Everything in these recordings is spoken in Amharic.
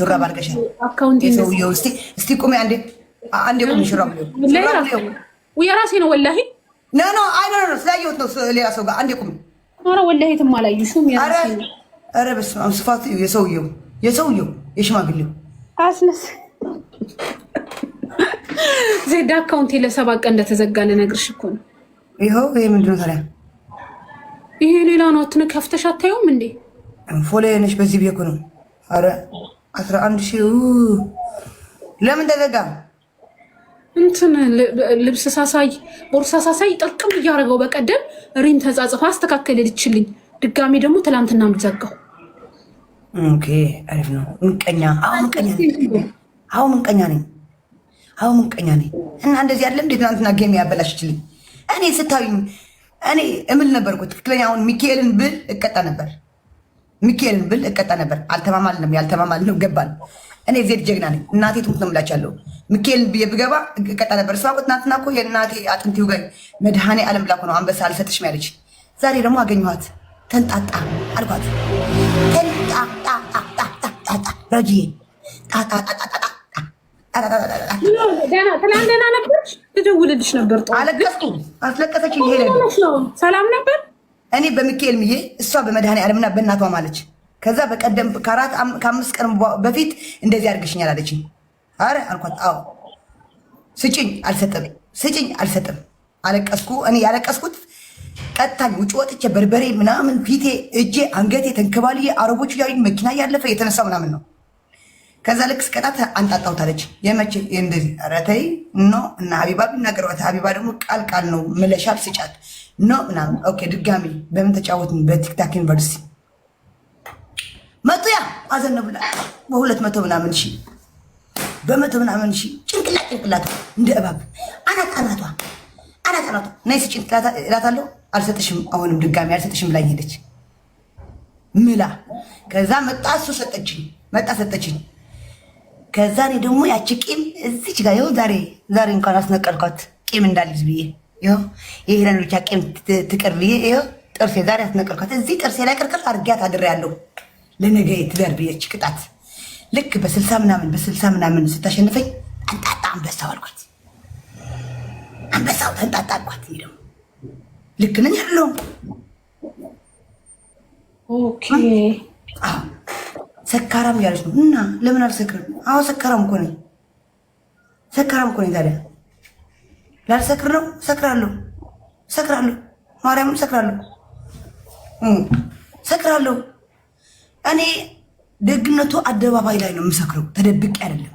ሹራብ አልቀሻል። የሰውየው እስቲ ቁሚ አንዴ፣ አንዴ ቁሚ። ሹራብ የራሴ ነው ወላሂ። ኖ ኖ፣ አይ ኖ ኖ፣ ስላየሁት ነው ሌላ ሰው ጋር። አንዴ ቁሚ። ኧረ ወላሂ የትም አላየሽውም። ኧረ በስመ አብ ስፋት የሰውየው የሰውየው የሽማግሌው አስነስ ዜድ አካውንቴ ለሰባት ቀን እንደተዘጋ ልነግርሽ እኮ ነው። ይኸው ይሄ ምንድን ነው ታዲያ? ይሄ ሌላ ነው። አትነ ከፍተሽ አታየውም እንዴ? ፎሌ ነሽ በዚህ ብዬሽ እኮ ነው። ኧረ አስራ አንድ ሺህ ለምን ተዘጋ? እንትን ልብስ ሳሳይ ቦርሳ ሳሳይ ጥርቅም እያደረገው በቀደም ሪም ተጻጽፋ አስተካከለልችልኝ። ድጋሚ ደግሞ ትላንትና ምዘጋው። ኦኬ አሪፍ ነው። ምቀኛ አሁ ምቀኛ አሁ ምቀኛ ነኝ አሁ ምቀኛ ነኝ እና እንደዚህ አለ እንዴ ትናንትና ጌም ያበላሽችልኝ። እኔ ስታዩኝ እኔ እምል ነበርኩ ትክክለኛ አሁን ሚካኤልን ብል እቀጣ ነበር። ሚካኤል ብል እቀጣ ነበር። አልተማማልንም፣ ያልተማማልንም ገባል። እኔ ዜድ ጀግና ነኝ። እናቴ ትሙት ነው ምላቻለሁ። ሚካኤል ብዬ ብገባ እቀጣ ነበር። እሷ ትናንትና እኮ የእናቴ አጥንት ይውጋኝ መድኃኔ ዓለም ብላ እኮ ነው አንበሳ አልሰጥሽም ያለች። ዛሬ ደግሞ አገኘኋት። ተንጣጣ አልኳት። ረጅዬ ትናንት ደህና ነበርሽ? ትደውልልሽ ነበር። አለቀስኩ። ሰላም ነበር እኔ በሚካኤል ምዬ እሷ በመድኃኔ ዓለምና በእናቷ ማለች። ከዛ በቀደም ከአራት ከአምስት ቀን በፊት እንደዚህ አድርግሽኛል አለችኝ። አረ አልኳት፣ አዎ ስጭኝ፣ አልሰጥም፣ ስጭኝ፣ አልሰጥም። አለቀስኩ። እኔ ያለቀስኩት ቀጥታኝ ውጭ ወጥቼ በርበሬ ምናምን ፊቴ፣ እጄ፣ አንገቴ ተንከባልዬ አረቦቹ ያዩኝ መኪና እያለፈ የተነሳ ምናምን ነው ከዛ ልክ ስቀጣት አንጣጣውታለች። የመቼ እንደዚህ ረተይ ኖ እና ሀቢባ ቢናገረት ሀቢባ ደግሞ ቃል ቃል ነው ምለሻል ስጫት ኖ ምናምን ኦኬ። ድጋሚ በምን ተጫወትን? በቲክታክ ዩኒቨርሲቲ መቶ ያ አዘነ ብላ በሁለት መቶ ምናምን ሺ በመቶ ምናምን ሺ ጭንቅላት ጭንቅላት እንደ እባብ አናት አናቷ አናት አናቷ ናይ ስጭን እላታለሁ። አልሰጥሽም አሁንም ድጋሚ አልሰጥሽም ብላኝ ሄደች ምላ። ከዛ መጣ እሱ ሰጠችኝ፣ መጣ ሰጠችኝ ከዛኔ እኔ ደግሞ ያቺ ቂም እዚች ጋር ይኸው ዛሬ ዛሬ እንኳን አስነቀልኳት ቂም እንዳልይዝ ብዬ ይኸው የሄለን ብቻ ቂም ትቅር ብዬ ይኸው ጥርሴ ዛሬ አስነቀልኳት። እዚህ ጥርሴ ላይ ቅርቅር አድርጊያት አድሬያለሁ። ለነገ ትዳር ብዬች ቅጣት ልክ በስልሳ ምናምን በስልሳ ምናምን ስታሸንፈኝ አንጣጣ አንበሳው አልኳት። አንበሳው ተንጣጣ አልኳት። ይሄ ደግሞ ልክ ነኝ አለሁ ኦኬ ሰካራም እያለች ነው። እና ለምን አልሰክርም? አዎ ሰካራም እኮ ነኝ፣ ሰካራም እኮ ነኝ። ታዲያ ላልሰክር ነው? ሰክራለሁ፣ ሰክራለሁ፣ ማርያምን ሰክራለሁ፣ ሰክራለሁ። እኔ ደግነቱ አደባባይ ላይ ነው የምሰክረው፣ ተደብቄ አይደለም።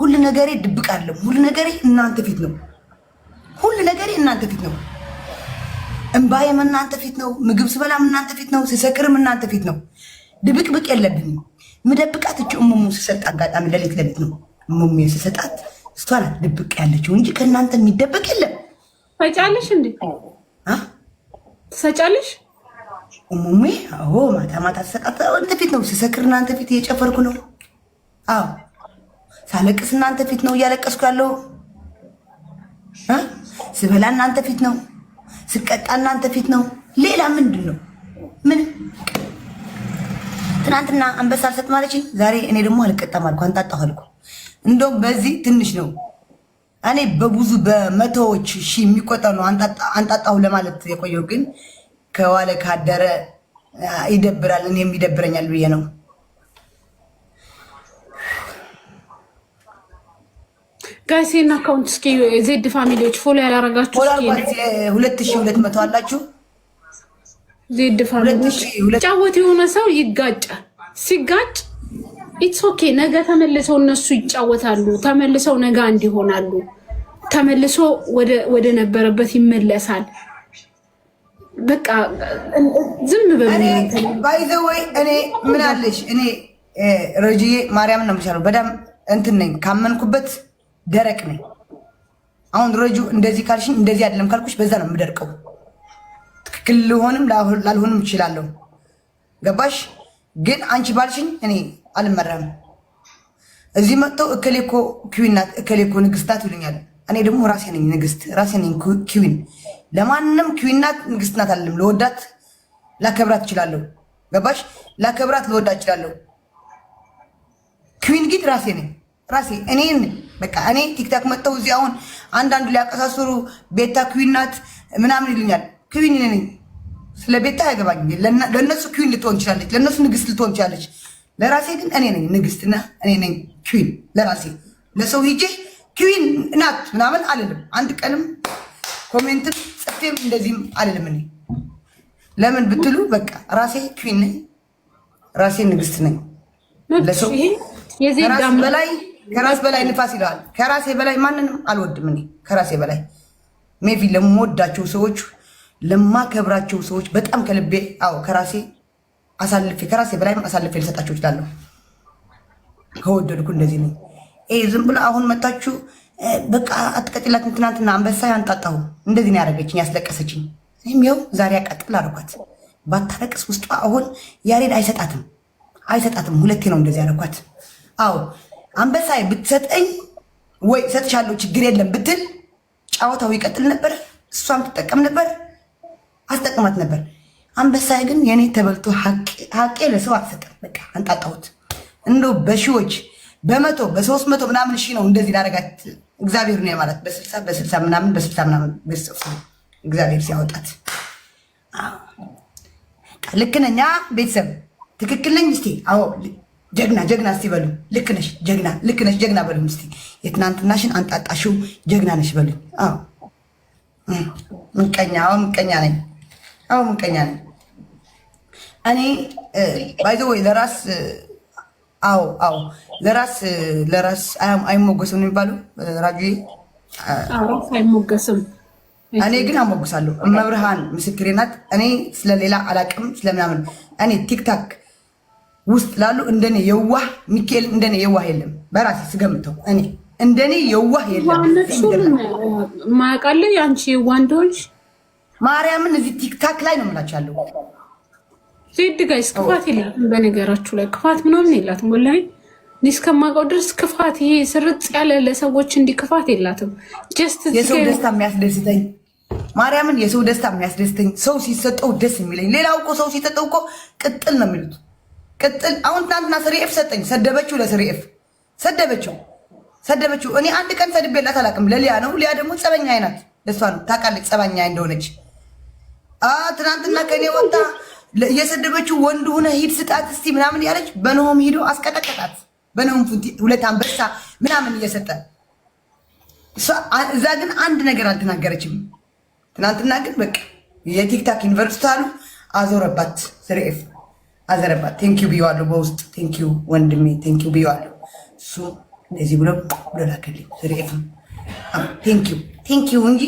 ሁሉ ነገሬ ድብቅ አይደለም። ሁሉ ነገሬ እናንተ ፊት ነው። ሁሉ ነገሬ እናንተ ፊት ነው። እምባዬም እናንተ ፊት ነው። ምግብ ስበላም እናንተ ፊት ነው። ስሰክርም እናንተ ፊት ነው። ድብቅብቅ የለብኝም። ምደብቃት እች እሙሙ ስሰጥ አጋጣሚ ለሌት ለሌት ነው እሙሙ ስሰጣት እስቷላ ድብቅ ያለችው እንጂ ከእናንተ የሚደበቅ የለም። ሰጫለሽ እንዴ ትሰጫለሽ? እሙሜ ሆ ማታ ማታ ተሰጣት። አንተ ፊት ነው ስሰክር፣ እናንተ ፊት እየጨፈርኩ ነው። አዎ፣ ሳለቅስ እናንተ ፊት ነው እያለቀስኩ ያለው። ስበላ እናንተ ፊት ነው፣ ስቀጣ እናንተ ፊት ነው። ሌላ ምንድን ነው? ምን ትናንትና አንበሳ አልሰጥ ማለች፣ ዛሬ እኔ ደግሞ አልቀጣም አልኩ፣ አንጣጣሁ አልኩ። እንደውም በዚህ ትንሽ ነው። እኔ በብዙ በመቶዎች ሺህ የሚቆጠር ነው አንጣጣሁ ለማለት የቆየው፣ ግን ከዋለ ካደረ ይደብራል። እኔም ይደብረኛል ብዬ ነው። ጋይሴን አካውንት እስኪ ዜድ ፋሚሊዎች ፎሎ ያላረጋችሁ ሁለት ሺህ ሁለት መቶ አላችሁ ዜድ የሆነ ሰው ይጋጫል። ሲጋጭ ኢትስ ኦኬ። ነገ ተመልሰው እነሱ ይጫወታሉ። ተመልሰው ነገ አንድ ይሆናሉ። ተመልሶ ወደ ነበረበት ይመለሳል። በቃ ዝም እኔ ምን አለሽ እኔ ረጅዬ ነው የምሻለው። እንትን ነኝ ካመንኩበት ደረቅ ነኝ። አሁን ረጁ እንደዚህ ካልሽኝ እንደዚህ አይደለም ካልኩሽ በዛ ነው የምደርቀው። ትክክል ልሆንም ላልሆንም እችላለሁ። ገባሽ? ግን አንቺ ባልሽኝ እኔ አልመረም እዚህ መጥተው እከሌኮ ኪዊን እከሌኮ ንግስት ናት ይሉኛል። እኔ ደግሞ ራሴ ነኝ ንግስት፣ ራሴ ነኝ ኪዊን። ለማንም ኪዊናት ንግስትናት አለም። ለወዳት ላከብራት እችላለሁ። ገባሽ? ላከብራት ለወዳት እችላለሁ። ኪዊን ግን ራሴ ነኝ ራሴ እኔን በቃ እኔ ቲክታክ መጥተው እዚህ አሁን አንዳንዱ ሊያቀሳስሩ ቤታ ኪዊናት ምናምን ይሉኛል። ክዊን ነኝ። ስለ ቤታ አያገባኝ። ለእነሱ ክዊን ልትሆን ትችላለች፣ ለእነሱ ንግስት ልትሆን ትችላለች። ለራሴ ግን እኔ ነኝ ንግስትና እኔ ነኝ ክዊን ለራሴ። ለሰው ሂጄ ክዊን ናት ምናምን አልልም። አንድ ቀንም ኮሜንትም ጽፌም እንደዚህም አልልም። እኔ ለምን ብትሉ በቃ ራሴ ክዊን ነኝ፣ ራሴ ንግስት ነኝ። ለሰው በላይ ከራስ በላይ ንፋስ ይለዋል። ከራሴ በላይ ማንንም አልወድም እኔ ከራሴ በላይ ሜቢ ለምወዳቸው ሰዎች ለማከብራቸው ሰዎች በጣም ከልቤ አዎ ከራሴ አሳልፌ ከራሴ በላይም አሳልፌ ልሰጣቸው እችላለሁ። ከወደድኩ እንደዚህ ነው። ዝም ብሎ አሁን መጣችሁ በቃ አትቀጥላትም። ትናንትና አንበሳ አንጣጣሁ እንደዚህ ነው ያደረገችኝ፣ ያስለቀሰችኝ። እኔም ይኸው ዛሬ አቀጥል አደረኳት። ባታረቅስ ውስጧ አሁን ያሬድ አይሰጣትም፣ አይሰጣትም። ሁለቴ ነው እንደዚህ ያደረኳት። አዎ አንበሳ ብትሰጠኝ ወይ ሰጥሻለሁ ችግር የለም ብትል ጨዋታው ይቀጥል ነበር፣ እሷም ትጠቀም ነበር። አስጠቅማት ነበር። አንበሳይ ግን የኔ ተበልቶ ሀቄ ለሰው አልሰጠም። በቃ አንጣጣሁት። እንደው በሺዎች በመቶ በሶስት መቶ ምናምን ሺ ነው እንደዚህ ላረጋት እግዚአብሔር ነው ማለት በስልሳ በስልሳ ምናምን በስልሳ ምናምን ቤተሰብ እግዚአብሔር ሲያወጣት ልክ ነኛ ቤተሰብ ትክክል ነኝ። እስቲ አዎ ጀግና ጀግና እስቲ በሉ። ልክ ነሽ ጀግና፣ ልክ ነሽ ጀግና በሉ። እስቲ የትናንትናሽን አንጣጣሽው ጀግና ነሽ በሉ። አዎ ምቀኛ፣ ምቀኛ ምቀኛ ነኝ አሁን ምቀኛ ነኝ እኔ ባይዘ ወይ ለራስ አዎ አዎ ለራስ ለራስ አይሞገስም የሚባለው። ራጁ አይሞገስም። እኔ ግን አሞግሳለሁ። መብርሃን ምስክሬ ናት። እኔ ስለሌላ አላቅም ስለምናምን እኔ ቲክታክ ውስጥ ላሉ እንደኔ የዋህ ሚካኤል እንደኔ የዋህ የለም። በራሴ ስገምተው እኔ እንደኔ የዋህ የለም። ማያውቃለሁ የአንቺ ዋንዶች ማርያምን እዚህ ቲክታክ ላይ ነው የምላችሁ ያለው ዜድ ጋይስ ክፋት የላትም። በነገራችሁ ላይ ክፋት ምናምን የላትም። ወላሂ እኔ እስከማውቀው ድረስ ክፋት ይሄ ስርጥ ያለ ለሰዎች እንዲህ ክፋት የላትም። ጀስት የሰው ደስታ የሚያስደስተኝ ማርያምን፣ የሰው ደስታ የሚያስደስተኝ ሰው ሲሰጠው ደስ የሚለኝ። ሌላው እኮ ሰው ሲሰጠው እኮ ቅጥል ነው የሚሉት ቅጥል። አሁን ትናንትና ስሬኤፍ ሰጠኝ፣ ሰደበችው፣ ለስሬኤፍ ሰደበችው፣ ሰደበችው። እኔ አንድ ቀን ሰድቤላት አላውቅም። ለሊያ ነው። ሊያ ደግሞ ጸበኛ አይናት፣ ደስቷ ነው ታውቃለች፣ ጸበኛ እንደሆነች ትናንትና ከኔ ወጣ የሰደበችው ወንድ ሆነ ሂድ ስጣት እስቲ ምናምን ያለች በነሆም ሂዶ አስቀጠቀጣት። በነሆም ፉንቲ ሁለት አንበሳ ምናምን እየሰጠ እዛ ግን አንድ ነገር አልተናገረችም። ትናንትና ግን በቃ የቲክታክ ዩኒቨርሲቲ አሉ አዞረባት። ስርኤፍ አዘረባት። ቴንኪዩ ብየዋለሁ በውስጥ ቴንኪዩ ወንድሜ ቴንኪዩ ብየዋለሁ። እሱ እንደዚህ ብሎ ብሎ ላከልኝ ስርኤፍ ቴንኪዩ ዩ እንጂ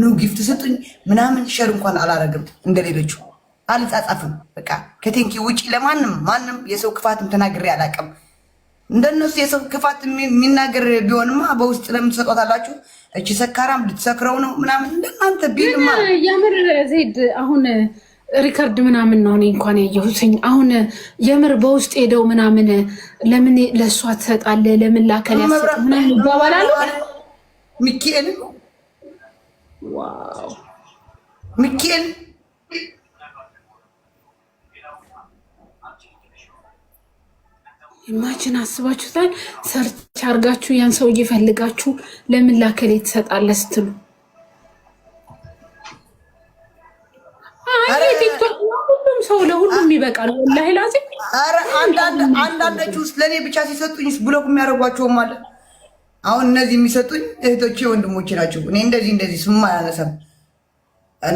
ኑ ጊፍት ስጡኝ ምናምን ሸር እንኳን አላረግም። እንደሌሎቹ አልጻጻፍም። በቃ ከቴንኪው ውጪ ለማንም ማንም የሰው ክፋትም ተናግሬ አላቅም። እንደነሱ የሰው ክፋት የሚናገር ቢሆንማ በውስጥ ለምን ትሰጧታላችሁ? እቺ ሰካራም ልትሰክረው ነው ምናምን እንደናንተ ቢልማ የምር ዜድ አሁን ሪከርድ ምናምን ነው እኔ እንኳን ያየሁትኝ። አሁን የምር በውስጥ ሄደው ምናምን ለምን ለእሷ ትሰጣለ ለምን ላከል ያሰጥ ምናምን ይባባላሉ ሚካኤል ሚካኤል ኢማችን አስባችሁታል። ሰርች አርጋችሁ ያን ሰውዬ ፈልጋችሁ ለምን ላከሌ ትሰጣለ ስትሉ ሁሉም ሰው ለሁሉም ይበቃል። ወላሂ ላዚ አንዳንዶቹ ውስጥ ለእኔ ብቻ ሲሰጡኝ ብሎክ የሚያደርጓቸውም አለ አሁን እነዚህ የሚሰጡኝ እህቶቼ ወንድሞች ናቸው። እኔ እንደዚህ እንደዚህ ስም አያነሳም።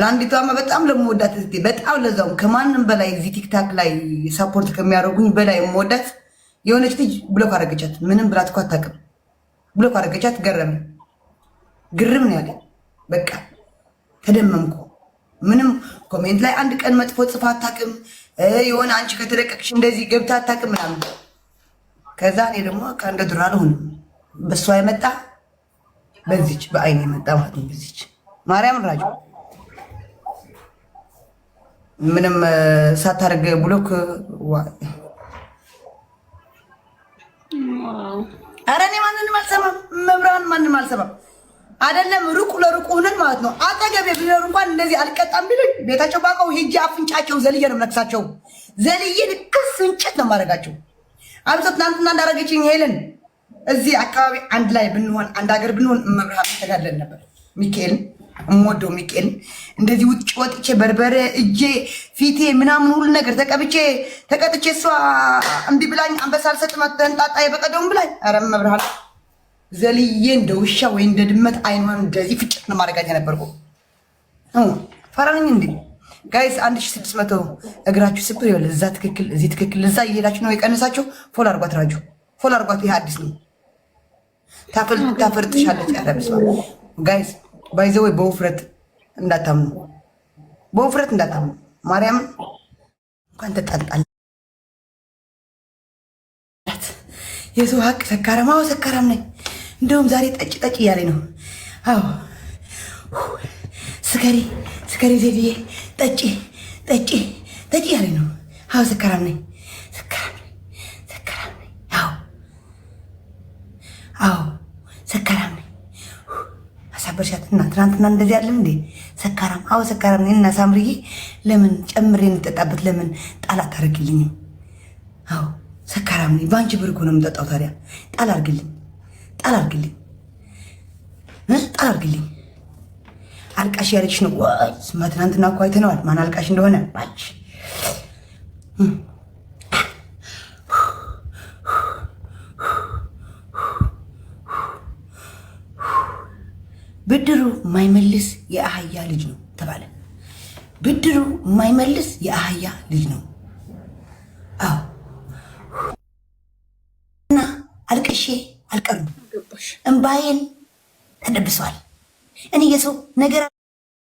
ለአንዲቷማ በጣም ለመወዳት እህቴ በጣም ለዛውም ከማንም በላይ እዚህ ቲክታክ ላይ ሰፖርት ከሚያደርጉኝ በላይ መወዳት የሆነች ልጅ ብሎክ አረገቻት። ምንም ብላት እኮ አታውቅም። ብሎክ አረገቻት። ገረም ግርም ነው ያለ። በቃ ተደመምኩ። ምንም ኮሜንት ላይ አንድ ቀን መጥፎ ጽፋ አታውቅም። የሆነ አንቺ ከተለቀቅሽ እንደዚህ ገብታ አታውቅም ምናምን። ከዛ እኔ ደግሞ ከእንደ ድሮ አልሆንም በእሷ የመጣ በዚች በአይን የመጣ ማለት ነው። በዚች ማርያምን ራጅ ምንም ሳታደርግ ብሎክ ኧረ እኔ ማንንም አልሰማም። መብራን ማንንም አልሰማም። አይደለም ሩቁ ለሩቁ ሁነን ማለት ነው። አጠገቤ ቢኖር እንኳን እንደዚህ አልቀጣም ቢሉኝ ቤታቸው ባቀው ሂጂ አፍንጫቸው ዘልዬ ነው የምነክሳቸው። ዘልዬ ልክስ እንጨት ነው የማደርጋቸው። አብሶ ትናንትና እንዳደረገችኝ ሄለን እዚህ አካባቢ አንድ ላይ ብንሆን አንድ ሀገር ብንሆን መብርሃ ተጋለን ነበር። ሚካኤል እምወደው ሚካኤል እንደዚህ ውጭ ወጥቼ በርበሬ እጄ ፊቴ ምናምን ሁሉ ነገር ተቀብቼ ተቀጥቼ እሷ እምቢ ብላኝ አንበሳ አልሰጥም ተንጣጣ የበቀደውን ብላኝ ኧረ መብርሃን ዘልዬ እንደ ውሻ ወይ እንደ ድመት አይኗን እንደዚህ ፍጭት ነው ማድረጋት የነበርኩ ፈራኝ እንዴ ጋይስ፣ አንድ ሺ ስድስት መቶ እግራችሁ ስብር ይበል። እዛ ትክክል፣ እዚህ ትክክል፣ እዛ እየሄዳችሁ ነው የቀነሳችሁ። ፎል አርጓት ራጁ ፎል አርጓት። ይህ አዲስ ነው። ታፈርጥሻለች። ኧረ በስመ አብ ጋይስ ባይ ዘ ወይ በውፍረት እንዳታምኑ፣ በውፍረት እንዳታምኑ። ማርያምን እንኳን ተጣልጣል የሰው ሀቅ ሰካራም። አዎ ሰካራም ነኝ። እንደውም ዛሬ ጠጭ ጠጭ እያለኝ ነው። አዎ ስከሪ ስከሪ ዜድዬ ጠጪ ጠጪ ጠጪ እያለኝ ነው። አዎ ሰካራም ነኝ። አዎ ሰካራም ነኝ። አሳበርሻት እና ትናንትና እንደዚህ አለም እንዴ ሰካራም። አዎ ሰካራም ነኝ እና ሳምርዬ ለምን ጨምሬ እንጠጣበት ለምን ጣል አታደርግልኝም? አዎ ሰካራም ነኝ። በአንቺ ብር እኮ ነው የምጠጣው። ታዲያ ጣል አርግልኝ ጣል አርግልኝ፣ ጣል አልቃሽ ያለች ነው። ትናንትና እኮ አይተነዋል ማን አልቃሽ እንደሆነ ባች ብድሩ የማይመልስ የአህያ ልጅ ነው ተባለ። ብድሩ የማይመልስ የአህያ ልጅ ነው። አዎ እና አልቅሼ አልቀርም፣ እምባዬን ተደብሰዋል። እኔ የሰው ነገር